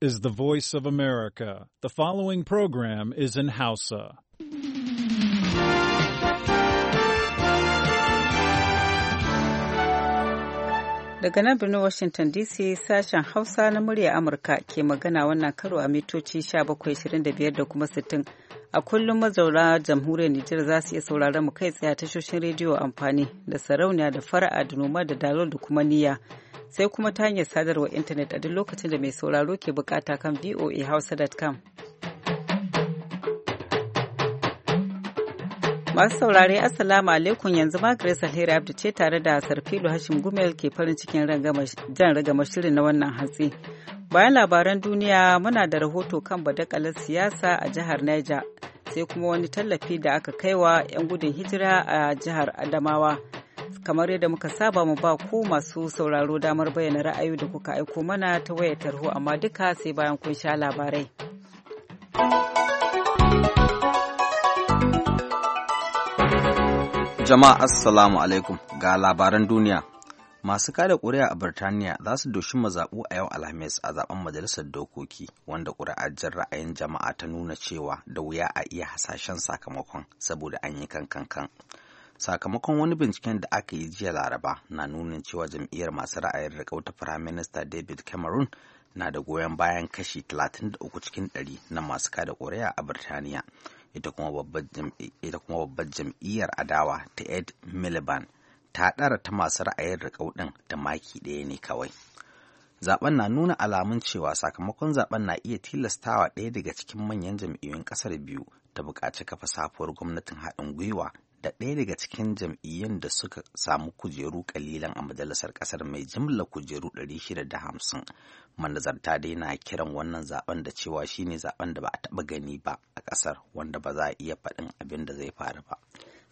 is the voice of America. The following program is in Hausa. Daga nan birnin Washington DC sashen Hausa na murya Amurka ke magana wannan karo a mitoci 1725 da kuma 60. a kullum mazauna jamhuriyar Nijar za su iya sauraron mu kai tsaye tashoshin rediyo amfani da sarauniya da fara'a da noma da dalol da kuma niyya sai kuma ta hanyar sadarwar intanet a duk lokacin da mai sauraro ke bukata kan voahausa.com. Masu saurare Assalamu alaikum yanzu ma Grace Alheri Abdu ce tare da Sarfilu Hashim Gumel ke farin cikin jan ragama shirin na wannan hatsi. Bayan labaran duniya muna da rahoto kan badakalar siyasa a jihar Niger sai kuma wani tallafi da aka kaiwa 'yan gudun hijira a jihar Adamawa. Kamar yadda muka saba mu ba ku masu sauraro damar bayyana ra'ayi da kuka aiko mana ta wayar tarho amma duka sai bayan kun sha labarai. Jama'a Assalamu alaikum ga labaran duniya Masu kada ƙuri'a a Birtaniya za su doshi mazaɓu a yau Alhamis a zaben majalisar dokoki wanda jin ra'ayin jama'a ta nuna cewa da wuya a iya hasashen sakamakon saboda an yi kankan. Sakamakon wani binciken da aka yi jiya Laraba na nuna cewa jam'iyyar masu ra'ayin riƙau ta Firaminista David Cameron na da goyon bayan kashi talatin da uku cikin 100 na masu kada ƙuri'a a Birtaniya. Ita kuma babbar jam'iyyar adawa ta Ed Miliband ta ɗara ta masu ra'ayin riƙau ɗin da maki ɗaya ne kawai. Zaben na nuna alamun cewa sakamakon zaben na iya tilastawa ɗaya daga cikin manyan jam'iyyun ƙasar biyu ta buƙaci kafa safuwar gwamnatin haɗin gwiwa da ɗaya daga cikin jam'iyyun da suka samu kujeru ƙalilan a majalisar ƙasar mai jimla kujeru ɗari shida da 650 manazarta dai na kiran wannan zaben da cewa shine zaben da ba a taɓa gani ba a ƙasar wanda ba za a iya faɗin abin da zai faru ba.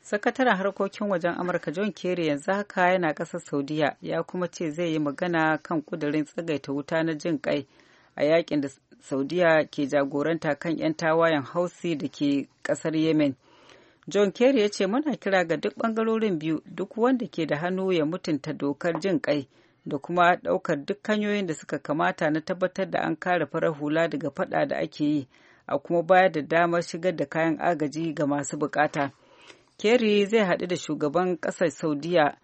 sakataren harkokin wajen amurka john kerry yanzu haka yana ƙasar saudiya ya kuma ce zai yi magana kan kudirin tsagaita wuta na jin kai a yakin da saudiya ke jagoranta kan 'yan tawayen hausi da ke ƙasar yemen john kerry ya ce muna kira ga duk ɓangarorin biyu duk wanda ke da hannu ya mutunta dokar jin kai da kuma ɗaukar duk hanyoyin da suka kamata na tabbatar da an kare farar hula daga faɗa da ake yi a kuma bayar da damar shigar da kayan agaji ga masu bukata. Kerry zai haɗu da shugaban ƙasar Saudiya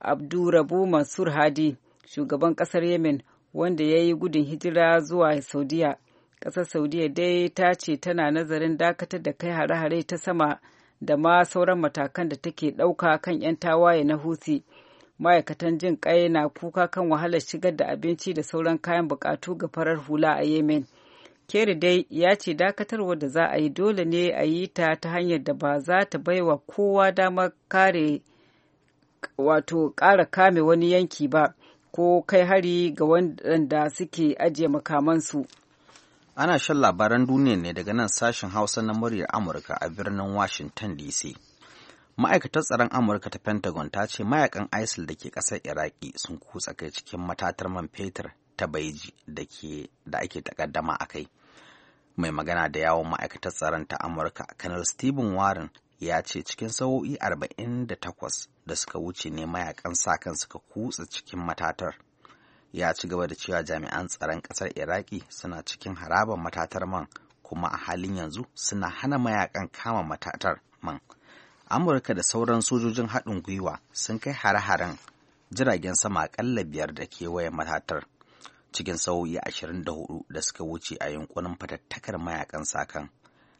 Abdurabu Mansur Hadi, shugaban ƙasar Yemen, wanda ya yi gudun hijira zuwa Saudiya. Ƙasar Saudiya dai ta ce tana nazarin dakatar da kai hare-hare ta sama da ma sauran matakan da take ɗauka kan 'yan tawaye na Houthi. Ma'aikatan jin ƙai na kuka kan wahalar shigar da abinci da sauran kayan buƙatu ga farar hula a Yemen. Kerry dai ya ce dakatarwa da za a yi dole ne a yi ta ta hanyar da ba za ta baiwa kowa damar kare wato ƙara kame wani yanki ba ko kai hari ga waɗanda suke ajiye makamansu. Ana shan labaran duniya ne daga nan sashen Hausa na muryar Amurka a birnin Washington DC. Ma'aikatar tsaron Amurka ta Pentagon ta ce mayakan ISIL da ke ƙasar Iraki sun kutsa kai cikin matatar man fetur ta Baiji da ake takaddama a kai. mai magana da yawon ma'aikatar tsaron ta amurka kanar stephen warren ya ce cikin sa'o'i 48 da suka wuce ne mayakan sa-kan suka kutsa cikin matatar ya ci gaba da cewa jami'an tsaron ƙasar iraki suna cikin harabar matatar man kuma a halin yanzu suna hana mayakan kama matatar man amurka da sauran sojojin haɗin gwiwa sun kai hare-haren jiragen sama aƙalla biyar da kewayen matatar cikin sauyi ashirin da hudu da suka wuce a yankunan fatattakar mayakan sakan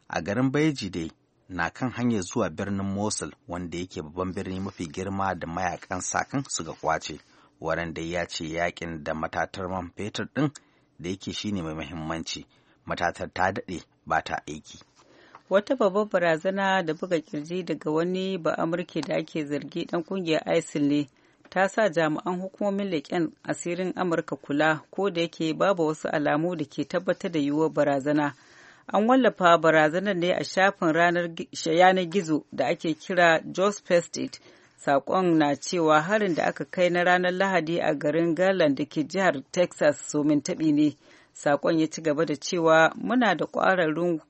a garin baiji dai na kan hanyar zuwa birnin Mosul wanda yake babban birni mafi girma da mayakan sakan suka kwace. waran da ya ce yakin da matatar man fetur ɗin da yake shine mai muhimmanci matatar ta daɗe ba ta aiki. Wata babbar barazana da buga kirji daga wani ba amurke da ake zargi 'dan kungiyar ISIL ne ta sa jami'an hukumomin leƙen asirin amurka kula ko da yake babu wasu alamu da ke tabbatar da yiwuwar barazana an wallafa barazanar ne a shafin ranar yanar gizo da ake kira jos pestit sakon na cewa harin da aka kai na ranar lahadi a garin garland da ke jihar texas somin taɓi ne sakon ya ci gaba da cewa muna da ƙwararrun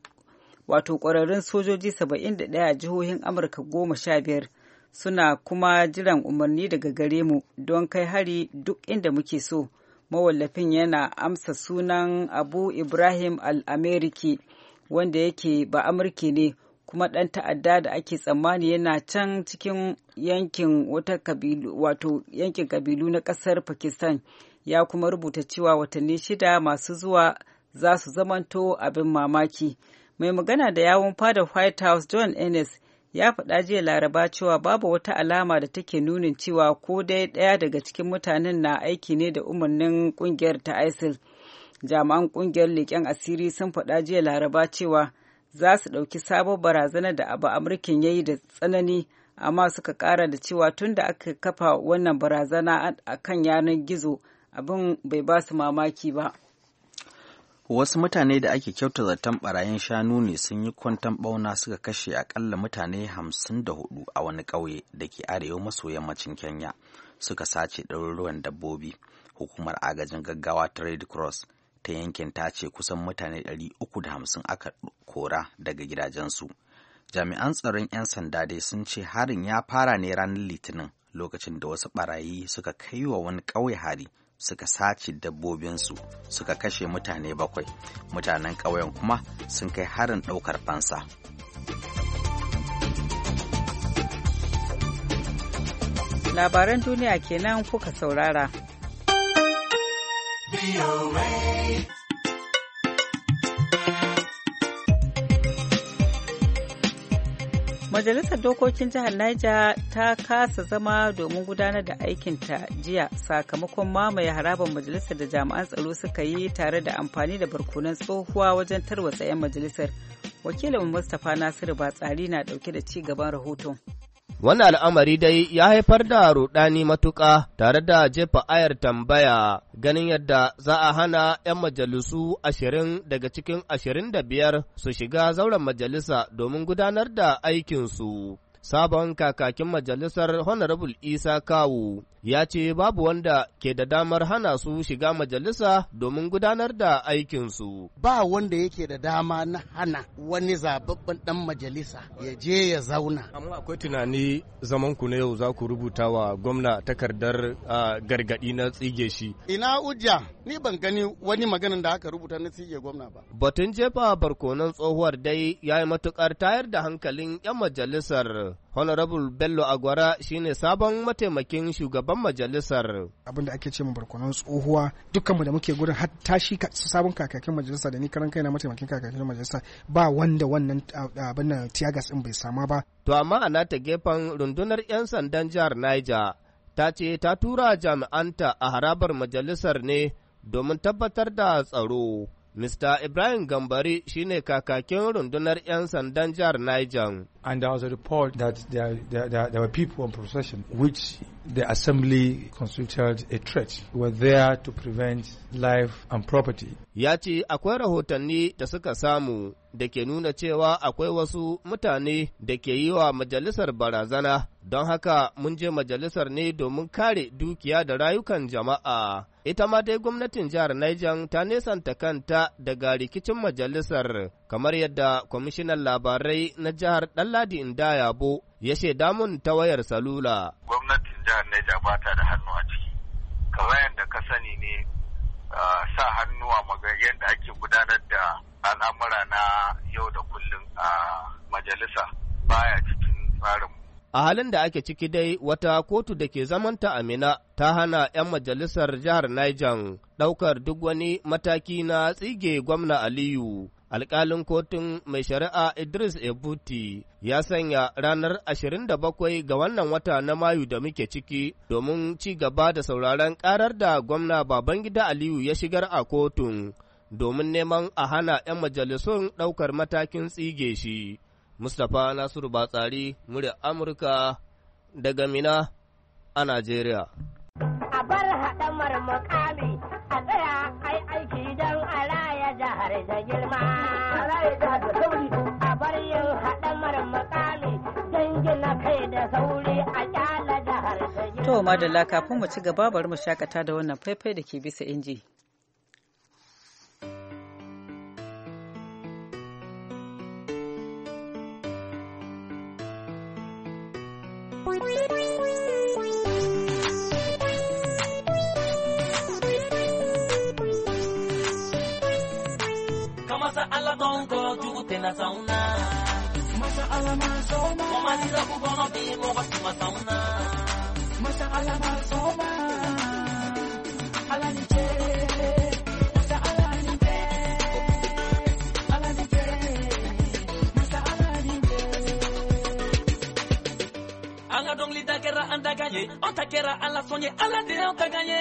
wato ƙwararrun sojoji 71 a jihohin amurka goma sha biyar suna kuma jiran umarni daga gare mu don kai hari duk inda muke so mawallafin yana amsa sunan abu ibrahim al-ameriki wanda yake ba amurki ne kuma ɗan ta'adda da ake tsammani yana can cikin yankin wata kabilu wato yankin kabilu na ƙasar pakistan ya kuma rubuta cewa watanni shida masu zuwa za su zamanto abin mamaki mai magana da yawon fadar white house john ennis ya faɗa jiya laraba cewa babu wata alama da take nunin cewa ko dai ɗaya daga cikin mutanen na aiki ne da umarnin ƙungiyar ta isil jami'an ƙungiyar leƙen asiri sun faɗa jiya laraba cewa za su ɗauki sabon barazanar da abu amurkin ya yi da tsanani amma suka ƙara da cewa tun da aka kafa wannan barazana a kan yanar gizo abin bai ba su mamaki ba. Wasu mutane da ake kyauta zaton barayin shanu ne sun yi kwantan bauna suka kashe akalla mutane hamsin da hudu a wani ƙauye da ke arewa maso yammacin Kenya suka sace ɗaruruwan dabbobi. Hukumar agajin gaggawa ta Red Cross ta yankin ta ce kusan mutane 350 aka kora daga gidajensu. Jami'an tsaron 'yan sanda dai sun ce harin ya fara ne ranar Litinin lokacin da wasu barayi suka kai wa wani ƙauye hari suka sace dabbobinsu suka kashe mutane bakwai mutanen ƙauyen kuma sun kai harin ɗaukar fansa labaran duniya kenan kuka saurara. Majalisar Dokokin Jihar Niger ta kasa zama domin gudanar da aikin ta jiya sakamakon mamaye harabar majalisar da jami'an tsaro suka yi tare da amfani da barkonan tsohuwa wajen tarwatsa 'yan majalisar. Wakilin Mustapha Nasiru Batsari na dauke da ci gaban rahoton. Wannan al'amari dai ya haifar da ruɗani matuƙa tare da jefa ayar tambaya ganin yadda za a hana ‘yan majalisu ashirin daga cikin ashirin da biyar su shiga zauren majalisa domin gudanar da aikinsu. sabon kakakin majalisar Honorable Isa Kawu ya ce babu wanda ke da damar hana su shiga majalisa domin gudanar da aikinsu. Ba wanda yake da dama na hana wani zababben dan majalisa ya je ya zauna. Amma akwai tunani zaman ku na yau za ku rubuta wa gwamna takardar gargadi na tsige shi. Ina ujja ni ban gani wani maganin da aka rubuta na tsige gwamna ba. Batun jefa barkonon tsohuwar dai ya yi matukar tayar da hankalin 'yan majalisar. Honorable Bello Agwara shine sabon mataimakin shugaban majalisar. Abin da ake ce mu barkonon tsohuwa dukkanmu da muke gurin har shi sabon kakakin majalisa da ni karan kaina mataimakin kakakin majalisa ba wanda wannan abin nan tiyagas din bai sama ba. To amma ana ta gefen rundunar 'yan sandan jihar Niger ta ce ta tura jami'anta a harabar majalisar ne domin tabbatar da tsaro. Mr. Ibrahim Gambari shi ne kakakin rundunar 'yan sandan jihar Niger. And there was a report that there, there, there, there were people on procession which the assembly constituted a threat were there to prevent life and property. Ya ce akwai rahotanni da suka samu da ke nuna cewa akwai wasu mutane da ke yi wa majalisar barazana don haka mun je majalisar ne domin kare dukiya da rayukan jama'a. Ita ma dai gwamnatin jihar Niger ta nesanta kanta daga rikicin majalisar kamar yadda kwamishinan labarai na jihar Ɗanladi Indayabo ya shaida mun ta wayar salula. Gwamnati jihar Neja ba ta da hannu a ciki. Kamar yadda ka sani ne sa hannu a yadda ake gudanar da al'amura na yau da kullum a majalisa baya cikin tsarin. A halin da ake ciki dai wata kotu da ke zamanta Amina ta hana 'yan majalisar jihar Niger ɗaukar duk wani mataki na tsige gwamna Aliyu alƙalin kotun mai shari'a Idris Ebuti ya sanya ranar 27 ga wannan wata na Mayu da muke ciki domin ci gaba da sauraron karar da gwamna Babangida Aliyu ya shigar a kotun domin neman a hana 'yan majalisun ɗaukar matakin tsige shi. Mustapha Nasiru Batsari, murya Amurka daga Mina a Najeriya. da girma. A bar yin haɗamar makami don gina kai da sauri a ƙyala da girma. To madalla kafin mu ci gaba bari mu shakata da wannan faifai da ke bisa inji. Thank you. son go jugu tena sauna Masha Allah ma soma Wa malira ku gono bi mo wa suma sauna Masha Allah ma soma Ala ni che dɔngli da kɛra an ala sɔn ala de y'an ta ye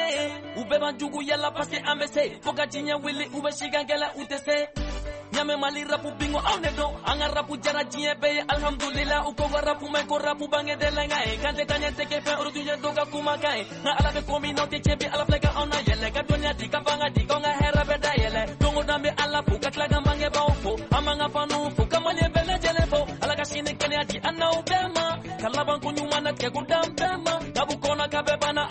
u bɛɛ b'an jugu yala paseke an bɛ se fo ka diɲɛ wele u bɛ sigan gɛlɛ u tɛ se yamemaliza rapu bingo awne oh, don an ka rapu jara diɲɛ bɛɛ ye alihamudulila u rapu mɛn ko rapu bange dɛlɛ nka ye kan tɛ taɲɛ tɛ kɛ fɛn orotujɛ dɔ ka kuma ka ye ala bɛ ko min n'aw tɛ ala filɛ ona yele na yɛlɛ ka dɔnniya di ka ban ka di k'anw ka hɛrɛ bɛ dayɛlɛ don o ala fo ka tila ka bangebaaw fo an b'an ka fanuw fo ka maliyɛn bɛɛ lajɛlen fo ala ka sini kɛnɛya di an n'aw bɛɛ ma ka labanko ɲuman natigɛ kabu kɔnɔ ka bɛɛ banna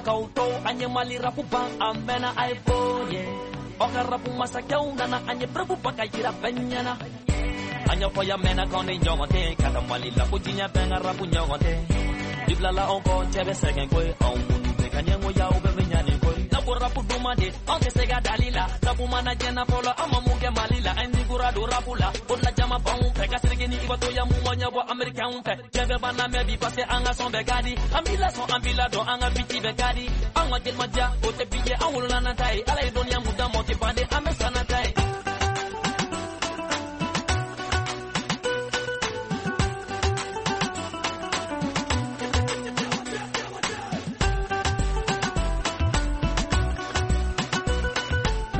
gauto anye mali rapu pa amena aifoye oka rapu masakya unana anye prapu pakajira benyana anya foya mena koni nyogote kata mali la kujinya benga rapu nyogote diblala onko chebe segen kwe onku nubeka nyengo ya ube vinyani Nagura puduma de, onge sega dalila. Sabu mana jena polo ama muge malila. Endi gura do rapula, odla jama baumpe. Kasirigini ibato ya mumanya wa Amerika umpe. Jeve bana mebi pase anga son begadi. Ambila son ambila don anga biti begadi. Anga jelma ja, ote biye awulana tai. Alay donya muda moti pande ame sanatai.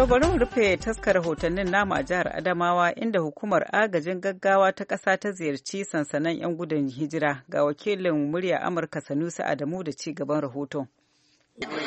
To mu rufe taskar rahotannin namu a jihar Adamawa inda hukumar agajin gaggawa ta ƙasa ta ziyarci sansanan 'yan gudun hijira ga wakilin murya Amurka Sanusi Adamu da ci gaban rahoton.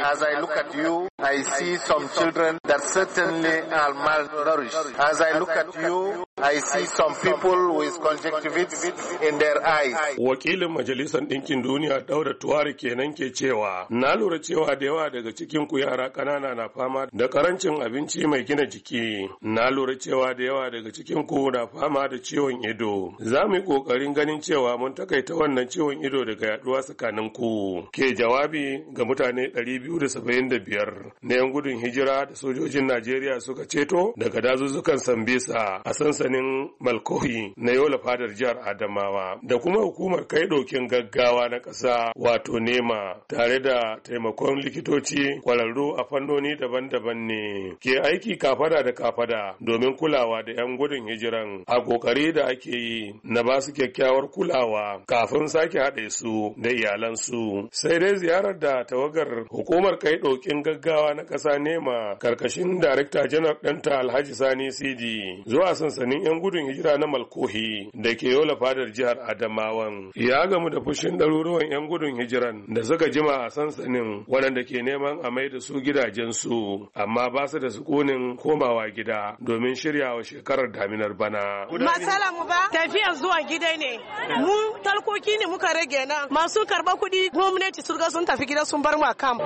As I look at you, I see some children that certainly are malnourished. As I look at you, I see some people with conjunctivitis in their eyes. Wakilin Majalisar Dinkin Duniya Daura Tuwari kenan ke cewa, na lura cewa da yawa daga cikin ku yara ƙanana na fama da karancin abinci mai gina jiki. Na lura cewa da yawa daga cikin ku na fama da ciwon ido. Za mu yi ƙoƙarin ganin cewa mun takaita wannan ciwon ido daga yaduwa tsakanin ku. Ke jawabi ga mutane 275 na 'yan gudun hijira da sojojin Najeriya suka ceto daga dazuzzukan Sambisa a sansan sansanin malkohi na yola fadar jihar adamawa da kuma hukumar kai dokin gaggawa na ƙasa wato nema tare da taimakon likitoci kwararru a fannoni daban-daban ne ke aiki kafada da kafada domin kulawa da 'yan gudun hijiran a kokari da ake yi na ba su kyakkyawar kulawa kafin sake haɗe su da iyalansu sai dai ziyarar da tawagar hukumar kai dokin gaggawa na ƙasa nema karkashin darakta janar ɗanta alhaji sani cd zuwa sansanin sansanin 'yan gudun hijira na Malkohi da ke yola fadar jihar Adamawan. Ya gamu da fushin ɗaruruwan 'yan gudun hijiran da suka jima a sansanin waɗanda ke neman a mai da su gidajensu amma ba su da sukunin komawa gida domin shiryawa shekarar daminar bana. Matsala mu ba tafiya zuwa gida ne. Mu talkoki ne muka rage nan masu karɓa kuɗi gwamnati sun ga sun tafi gida sun bar mu a kam.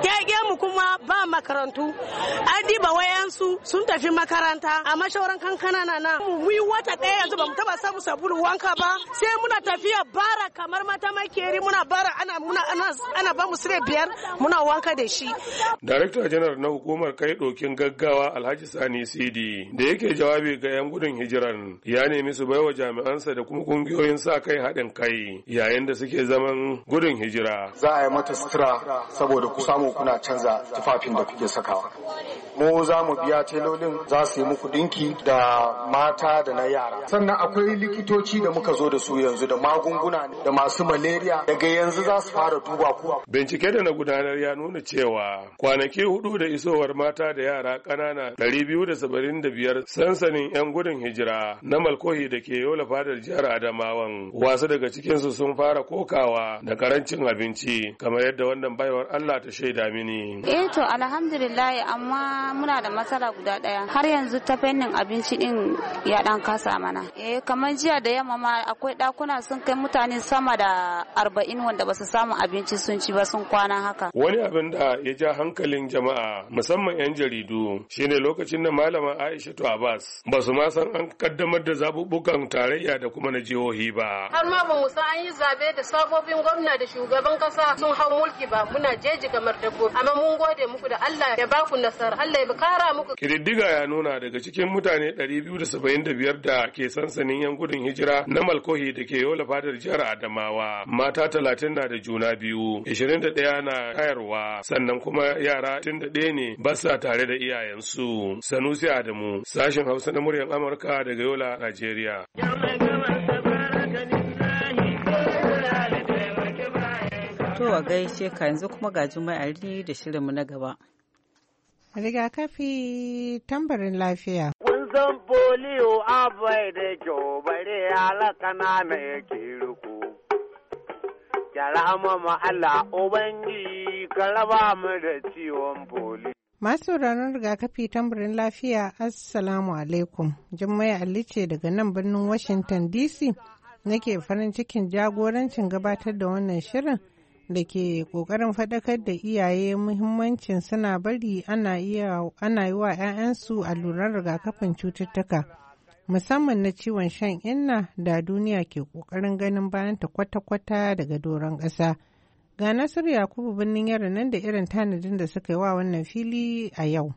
mu kuma ba makarantu. An diba wayansu sun tafi makaranta amma shauran kankana na nan. biyu wata ɗaya yanzu ba mu taba samu sabulu wanka ba sai muna tafiya bara kamar mata makeri muna bara ana muna ana, ana ba mu sire biyar muna wanka da shi. Darakta General na hukumar kai ɗokin gaggawa Alhaji Sani Sidi da yake jawabi ga 'yan gudun hijiran ya nemi su baiwa jami'ansa da kuma kungiyoyin sa kai haɗin kai yayin da suke zaman gudun hijira. Za a yi mata sutura saboda ku samu kuna canza tufafin da kuke sakawa. Mu za mu biya telolin za su yi muku ɗinki da mata da na yara sannan akwai likitoci da muka zo da su yanzu da magunguna da masu malaria daga yanzu za su fara duba kuwa bincike da na gudanar ya nuna cewa kwanaki hudu da isowar mata da yara ƙanana biyar sansanin 'yan gudun hijira na malkohi da ke yola fadar jihar adamawan wasu daga cikinsu sun fara kokawa da karancin abinci kamar yadda wannan baiwar allah ta shaida mini eh to alhamdulillah amma muna da matsala guda ɗaya. har yanzu ta fannin abinci din ya dan an kasa mana eh kamar jiya da yamma ma akwai dakuna sun kai mutane sama da arba'in wanda basu samu abinci sun ci ba sun kwana haka wani abin da ya ja hankalin jama'a musamman yan jaridu shine lokacin da malama to abbas ba su ma san an kaddamar da zabubukan tarayya da kuma na jihohi ba har ma ba mu an yi zabe da sabobin gwamna da shugaban kasa sun hau mulki ba muna jeji kamar dabbobi amma mun gode muku da Allah ya baku nasara Allah ya kara muku kididdiga ya nuna daga cikin mutane 275 biyar da ke sansanin yan gudun hijira na Malkohi da ke yola fadar jihar Adamawa. Mata talatin na da juna biyu, ishirin da ɗaya na kayarwa, sannan kuma yara tun da ɗaya ne ba sa tare da iyayensu. Sanusi Adamu, sashen Hausa na muryar Amurka daga Yola, Najeriya. To a gaishe ka yanzu kuma ga Juma'ari da shirinmu na gaba. Rigakafi tambarin lafiya. zan foliyo abai da kyau bare alaka na mai kirku. Kyarama ma Allah Ubangiji ka raba mu da ciwon foliyo. Masu ranar rigakafi tambarin lafiya Assalamu alaikum. Jummai Ali ce daga nan birnin Washington DC nake farin cikin jagorancin gabatar da wannan shirin. da ke ƙoƙarin faɗakar da iyaye muhimmancin suna bari ana yi wa 'ya'yansu alluran rigakafin cututtuka musamman na ciwon shan inna da duniya ke ƙoƙarin ganin bayan ta kwata-kwata daga doron ƙasa. Ga Nasiru Yakubu birnin yaro nan da irin tanadin da suka yi wa wannan fili a yau.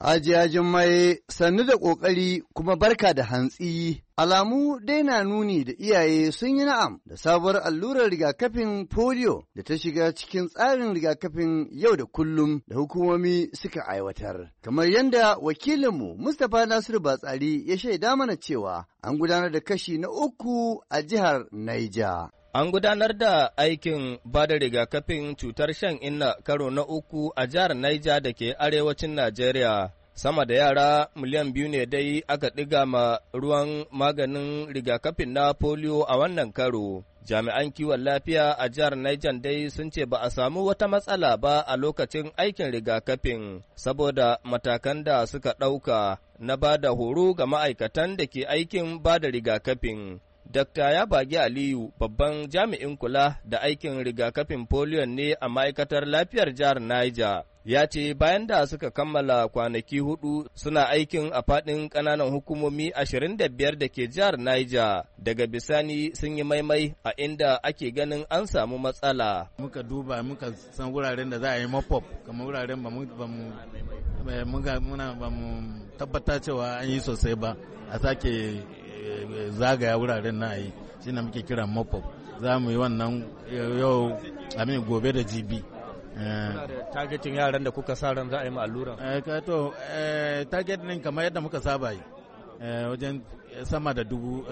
Hajiya Jummai sannu da ƙoƙari kuma barka da hantsi. Alamu dai na nuni da iyaye sun yi na'am da sabuwar allurar rigakafin polio da ta shiga cikin tsarin rigakafin yau da kullum da hukumomi suka aiwatar. Kamar yadda wakilinmu Mustapha Nasiru Batsari ya shaida mana cewa an gudanar da kashi na uku a jihar Niger. An gudanar da aikin ba da rigakafin cutar shan inna karo na uku a jihar Niger da ke arewacin Najeriya. Sama da yara miliyan biyu ne dai aka ɗiga ma ruwan maganin rigakafin na polio a wannan karo. Jami'an kiwon lafiya a jihar Niger dai sun ce ba a samu wata matsala ba a lokacin aikin rigakafin saboda matakan da suka ɗauka na ba da horo ga ma'aikatan da ke aikin ba da rigakafin. ya Yabagi Aliyu babban jami'in kula da aikin rigakafin polio ne a ma'aikatar lafiyar jihar Niger. Ya ce bayan da suka kammala kwanaki hudu suna aikin a faɗin kananan hukumomi 25 da ke jihar Niger daga bisani sun yi maimai a inda ake ganin an samu matsala. Muka duba muka san wuraren da za a yi mop wuraren ba mu tabbata cewa an yi sosai ba a sake zagaya wuraren na yi shi na muke kira mopop za mu yi wannan yau amin gobe da jibi eh. targetin yaran da kuka sa ran za a yi allura eh, to eh, target din kamar yadda muka saba yi wajen sama da dubu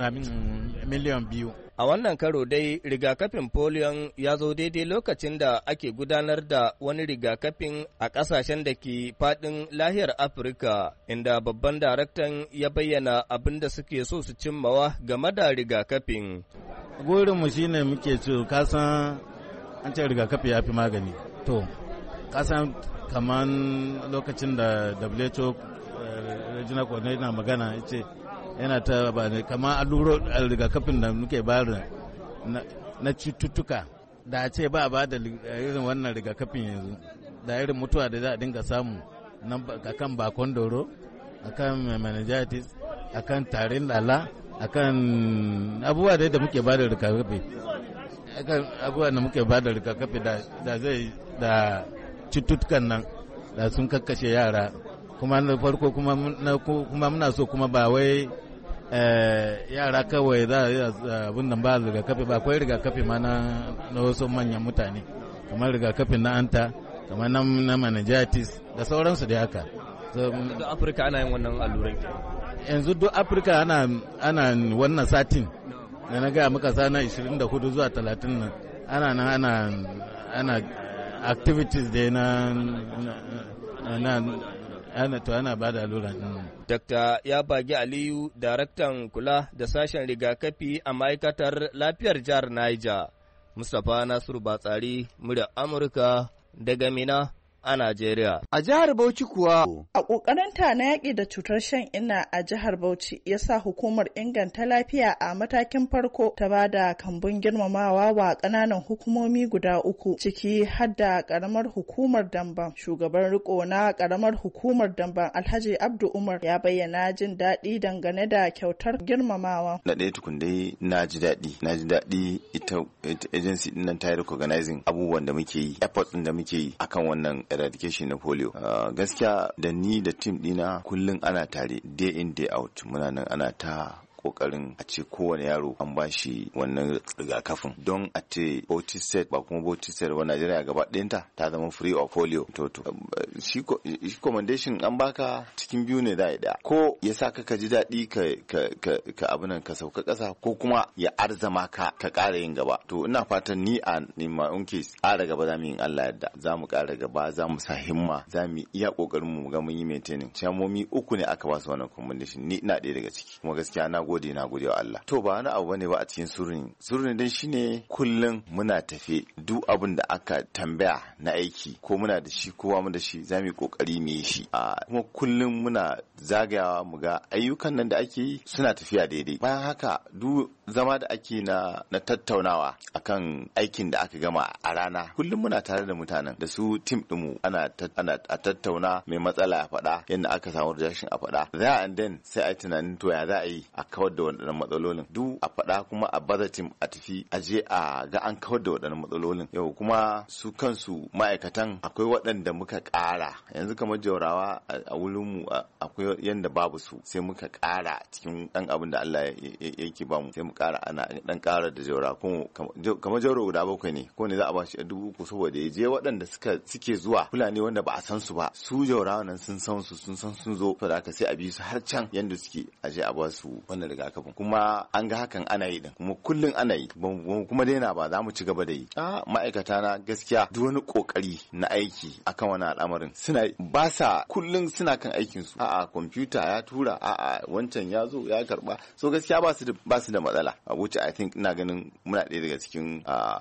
miliyan biyu A wannan karo dai rigakafin polion ya zo daidai lokacin da ake gudanar da wani rigakafin a kasashen da ke faɗin lahiyar Afirka, inda babban daraktan ya bayyana abin da suke so su cimmawa game da rigakafin. Gurinmu shi ne muke ce, kasan an ce rigakafi ya fi magani. To, kasan kaman lokacin da WHO eh, Regional Coordinator magana ya ce, yana ta ba ne kama alluro rigakafin da muke bayar na cututtuka da a ce ba ba da eh, irin wannan rigakafin yanzu da irin mutuwa da za a dinga samu a kan bakon doro a kan meningitis kan tarin lala kan abubuwa da muke ba da rigakafi kan abubuwa da muke ba da rigakafi da zai da cututtukan nan da sun kakkashe yara kuma na farko kuma muna so kuma ba wai eh, yara kawai za a abin nan ba rigakafi ba akwai rigakafi ma na wasu manyan mutane kamar rigakafin na anta kamar na meningitis da sauransu da haka duk afirka ana yin wannan allurai yanzu duk afirka ana wannan satin da na gaya muka sana 24 zuwa 30 nan ana nan ana ana activities da na ana to ana ba da allura din Dr. Yabagi Aliyu daraktan kula da sashen rigakafi a ma'aikatar lafiyar jihar Niger Mustapha Nasiru Batsari murya Amurka daga Mina a Najeriya. A jihar Bauchi kuwa. A ƙoƙarinta na yaƙi da cutar shan ina a jihar Bauchi ya sa hukumar inganta lafiya a matakin farko ta ba da kambun girmamawa wa ƙananan hukumomi guda uku ciki har da ƙaramar hukumar Damban. Shugaban riko na ƙaramar hukumar Damban Alhaji Abdu Umar ya bayyana jin daɗi dangane da kyautar girmamawa. Na ɗaya tukun dai na ji daɗi, na ji daɗi ita agency ɗin nan ta yi recognizing abubuwan da muke yi, efforts ɗin da muke yi akan wannan eradication na polio ah, gaskiya da ni da tim dina kullum ana tare day in day out muna nan ana ta kokarin a ce kowane yaro an ba shi wannan rigakafin don a ce set. ba kuma set ba Najeriya gaba ɗayanta ta zama free of polio to to um, shi commendation an baka cikin biyu ne da ko ya sa ka ji daɗi ka abu nan ka sauka ƙasa ko kuma ya arzama ka ka ƙara yin gaba to ina fatan ni a nima ke ƙara gaba za mu yi Allah yadda za mu ƙara gaba za mu sa himma za mu iya ƙoƙarin mu ga mun yi maintaining ciyamomi uku ne aka ba su wannan commendation ni ina ɗaya daga ciki kuma gaskiya na gode na gode wa Allah to ba wani abu bane ba a cikin surunin surunin dai shine kullum muna tafe duk abin da aka tambaya na aiki ko muna da shi ko mu da shi za mu yi kokari mu yi shi kuma kullum muna zagayawa mu ga ayyukan nan da ake yi suna tafiya daidai bayan haka duk zama da ake na na tattaunawa akan aikin da aka gama a rana kullum muna tare da mutanen da su tim ɗinmu ana a tattauna mai matsala a faɗa yadda aka samu rajashin a faɗa za a then sai a tunanin to ya za a yi a kawar da waɗannan matsalolin duk a faɗa kuma a baza a tafi a je a ga an kawar da waɗannan matsalolin yau kuma su kansu ma'aikatan akwai waɗanda muka ƙara yanzu kamar jaurawa a wurinmu akwai yanda babu su sai muka ƙara cikin ɗan abin da Allah yake bamu sai mu ƙara ana ɗan ƙara da jaura kamar jauro guda bakwai ne ko ne za a ba shi a dubu uku saboda ya je waɗanda suke zuwa fulani wanda ba a san su ba su jaurawa nan sun san su sun san sun zo to da aka sai a bi su har can yanda suke a je a ba su wannan rigakafin kuma an ga hakan ana yi din kuma kullun ana yi kuma daina ba za mu ci gaba da yi a ma'aikata na gaskiya duk wani kokari na aiki akan wani al'amarin suna ba sa kullun suna kan aikin su a'a kwamfuta ya tura a'a wancan ya zo ya karba so gaskiya ba su da ba su da matsala abuja i think ina ganin muna ɗaya daga cikin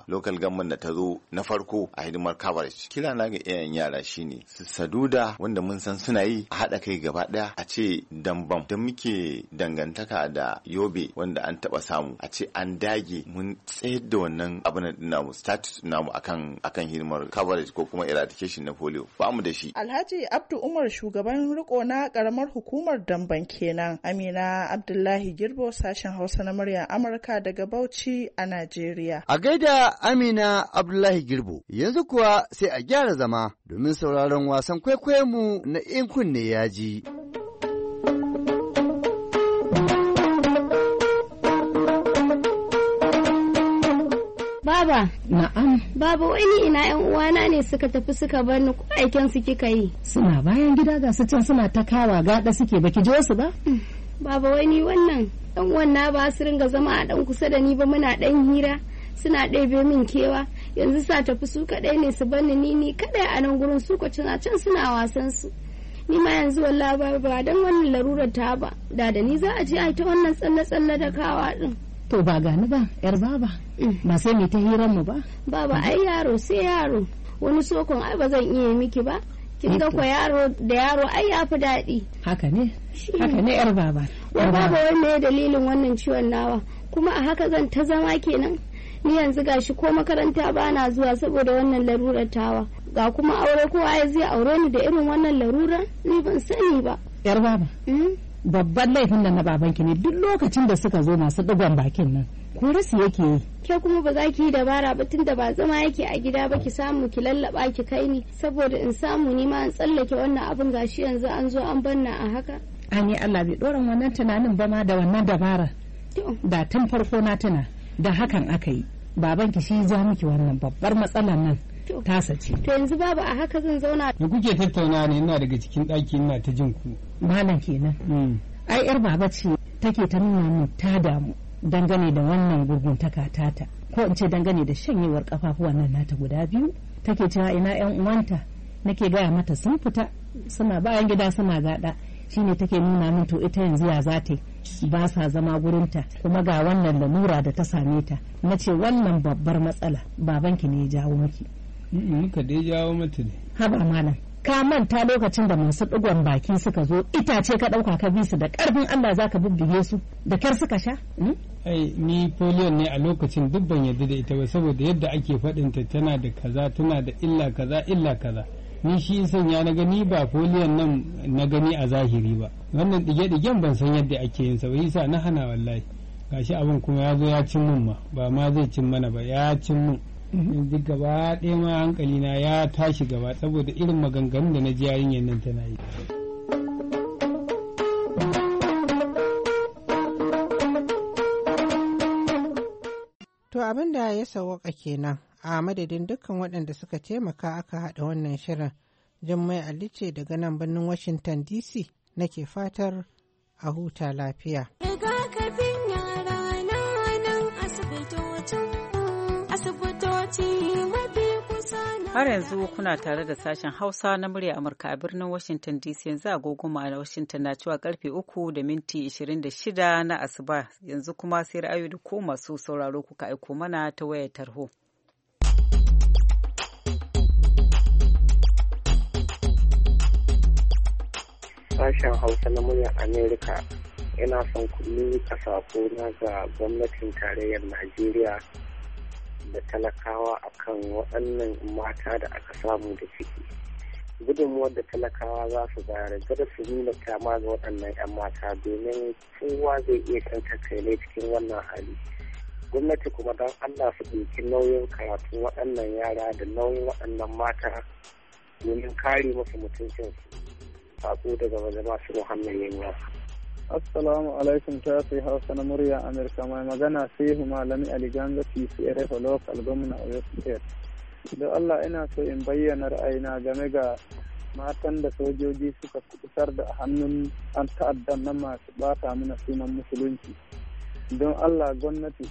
local government da ta zo na farko a hidimar coverage kira na ga iyayen yara shine su saduda wanda mun san suna yi a haɗa kai gaba ɗaya a ce dambam da muke dangantaka da da yobe wanda an taba samu a ce an dage mun tsayar da wannan abin da namu status namu akan akan hirmar coverage ko kuma eradication na polio ba mu da shi Alhaji Abdu Umar shugaban riko na karamar hukumar Damban kenan Amina Abdullahi Girbo sashen Hausa na murya Amurka daga Bauchi a Najeriya A gaida Amina Abdullahi Girbo yanzu kuwa sai a gyara zama domin sauraron wasan kwaikwayonmu na in kunne yaji. baba na'am Babu wani ina yan uwana ne suka tafi suka bar ni ko aikin su kika yi suna bayan gida ga su can suna ta kawa gada suke baki je su ba hmm. baba wani wannan dan wannan ba su ringa zama a dan kusa da ni ba muna dan hira suna ɗebe min kewa yanzu sa tafi su kaɗai ne su bar ni ni kaɗai a nan gurin su kwacin can suna wasan su ni ma yanzu wallahi ba don wannan larurar ta ba da da ni za a je a ta wannan tsalle-tsalle da kawa din to ba gani ba yar baba eh. ba sai mai ta hiran mu ba baba ai yaro sai yaro wani sokon ai ba zan iya miki ba kin ga eh, ko yaro da yaro ai ya fi daɗi haka ne haka ne yar baba yar baba wanne ya dalilin wannan ciwon nawa kuma a haka zan ta zama kenan ni yanzu gashi ko makaranta ba na zuwa saboda wannan larurar tawa ga kuma aure kowa ya zai aure ni da irin wannan larurar ni ban sani ba yar baba hmm? babban laifin da na babanki ne duk lokacin da suka zo masu digon bakin nan kurisi yake yi ke kuma ba za ki yi dabara ba tun da ba zama yake a gida ba ki samu ki lallaba ki kai ni saboda in samu ni ma an tsallake wannan abin gashi yanzu an zo an banna a haka ani Allah bai doran wannan tunanin ba ma da wannan dabara da tun farko na tuna da hakan aka yi babanki shi ya miki wannan babbar matsalar nan tasa ce to yanzu babu a haka zan zauna da kuke tattauna ne ina daga cikin ɗaki ina ta jin ku malam kenan hmm. ai yar baba ce take ta nuna mu ta damu dangane da wannan gurgun tata ko in ce dangane da shanyewar kafafuwan nan nata guda biyu take cewa ina yan uwanta nake gaya mata sun fita suna bayan gida suna gada shine take nuna min to ita yanzu ya za ta ba sa zama gurinta kuma ga wannan lalura da ta same ta na ce wannan babbar matsala babanki ne ya jawo miki muka dai jawo mata ne haba malam ka manta lokacin da masu ɗigon baki suka zo itace ka ɗauka ka bisu da ƙarfin Allah za ka bubbuge su da kyar suka sha hmm? ai ni foliyon ne a lokacin duk ban yarda da ita ba saboda yadda ake faɗin ta tana da kaza tana da illa kaza illa kaza ni shi sanya na gani ba foliyon nan na gani a zahiri ba wannan ɗige digen ban san yadda ake yin sa ba na hana wallahi gashi abin kuma ya zo ya cin mun ma ba ma zai cin mana ba ya cin mun yanzu gaba ɗaya ma hankali na ya tashi gaba saboda irin maganganun da na ji yayin nan tana yi to abin da ya sawaka kenan a madadin dukkan waɗanda suka taimaka aka haɗa wannan shirin jummai alice daga nan birnin washington dc nake fatar a huta lafiya. Har yanzu kuna tare da sashen Hausa na murya Amurka a birnin Washington DC yanzu agogoma a Washington na cewa karfe uku da minti 26 na asuba yanzu kuma sai ra'ayoyi da ko masu sauraro kuka aiko mana ta wayar tarho. Sashen Hausa na murya Amerika yana son ku kasafo na ga gwamnatin tarayyar Najeriya da talakawa a kan waɗannan mata da aka samu da ciki gudunmuwar da talakawa za su bayar gada su nuna kama ga waɗannan 'yan mata domin kowa zai iya kan kai ne cikin wannan hali gwamnati kuma don allah su ɗauki nauyin karatun waɗannan yara da nauyin waɗannan mata domin kare musu mutuncinsu sako daga wajen masu muhammad yin Assalamu alaikum ta fi hausa na murya Amurka mai magana sai malami Ali Ganga PCRF local gwamna Oyo State. Don Allah ina so in bayyana ra'ayina game ga matan da sojoji suka kubutar da hannun an ta'addan na masu bata mana sunan musulunci. Don Allah gwamnati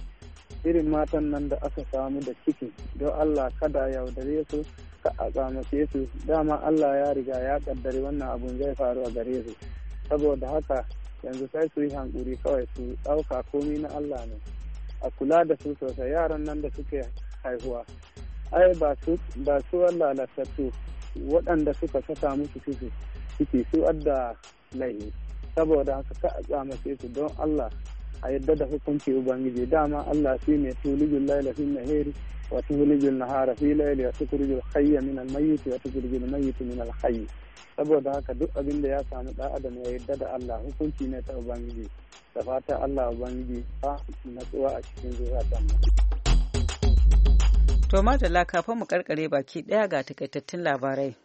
irin matan nan da aka samu da ciki don Allah kada yaudare su ka a tsamace su dama Allah ya riga ya kaddare wannan abun zai faru a gare su saboda haka yanzu sai su yi hankuri kawai su ɗauka komi na Allah ne a kula da su sosai yaran nan da suke haihuwa ai ba su lalatattu waɗanda suka saka musu ciki ciki su adda laihi saboda haka ka a kyamace su don Allah a yadda da hukunci ubangiji dama Allah shi ne tulijin laila fi nahiri wa tulijin nahara fi laili wa tulijin hayya min al-mayyit wa tulijin mayyit min al-hayy saboda haka duk abin da ya samu da adam ya yarda da Allah hukunci ne ta ubangiji da fata Allah ubangiji ba natsuwa a cikin zuciyar to madalla kafin mu karkare baki ɗaya ga takaitattun labarai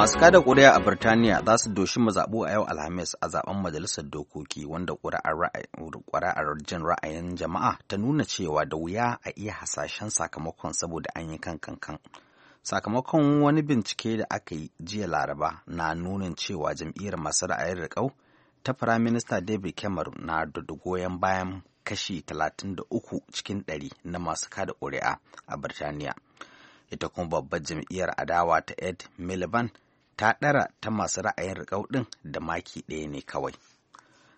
Masu kada ƙuri'a a Birtaniya za su doshi mazaɓu a yau Alhamis a zaben majalisar dokoki wanda ƙuri'ar jin ra'ayin jama'a ta nuna cewa da wuya a iya hasashen sakamakon saboda an yi kan kankan. Sakamakon wani bincike da aka yi jiya Laraba na nunin cewa jam'iyyar masu ra'ayin riƙau ta Firaminista David Cameron na da goyon bayan kashi 33 cikin 100 na masu kada ƙuri'a a Birtaniya. ita kuma babbar jam'iyyar adawa ta ed miliband ta ɗara ta masu ra'ayin rikau ɗin da maki ɗaya ne kawai.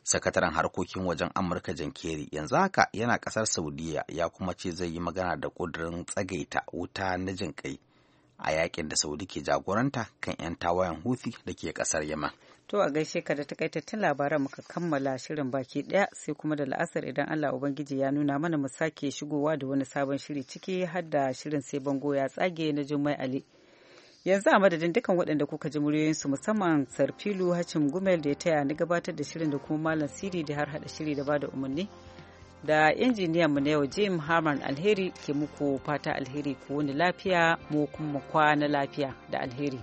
Sakataren harkokin wajen Amurka Jan Kerry yanzu haka yana ƙasar Saudiya ya kuma ce zai yi magana da ƙudurin tsagaita wuta na jin kai a yakin da Saudi ke jagoranta kan 'yan tawayen Houthi da ke ƙasar Yaman. To a gaishe ka da takaitattun labaran muka kammala shirin baki ɗaya sai kuma da la'asar idan Allah Ubangiji ya nuna mana mu sake shigowa da wani sabon shiri ciki har da shirin sai bango ya tsage na Jummai Ali. yanzu a madadin dukkan waɗanda kuka ji muryoyinsu musamman sarfilu hacin gumel da ya taya ni gabatar da shirin da kuma malam siri da har hada shiri da bada umarni da injiniyan mu na yau jim harman alheri ke muku fata alheri ku wani lafiya mu kuma kwana lafiya da alheri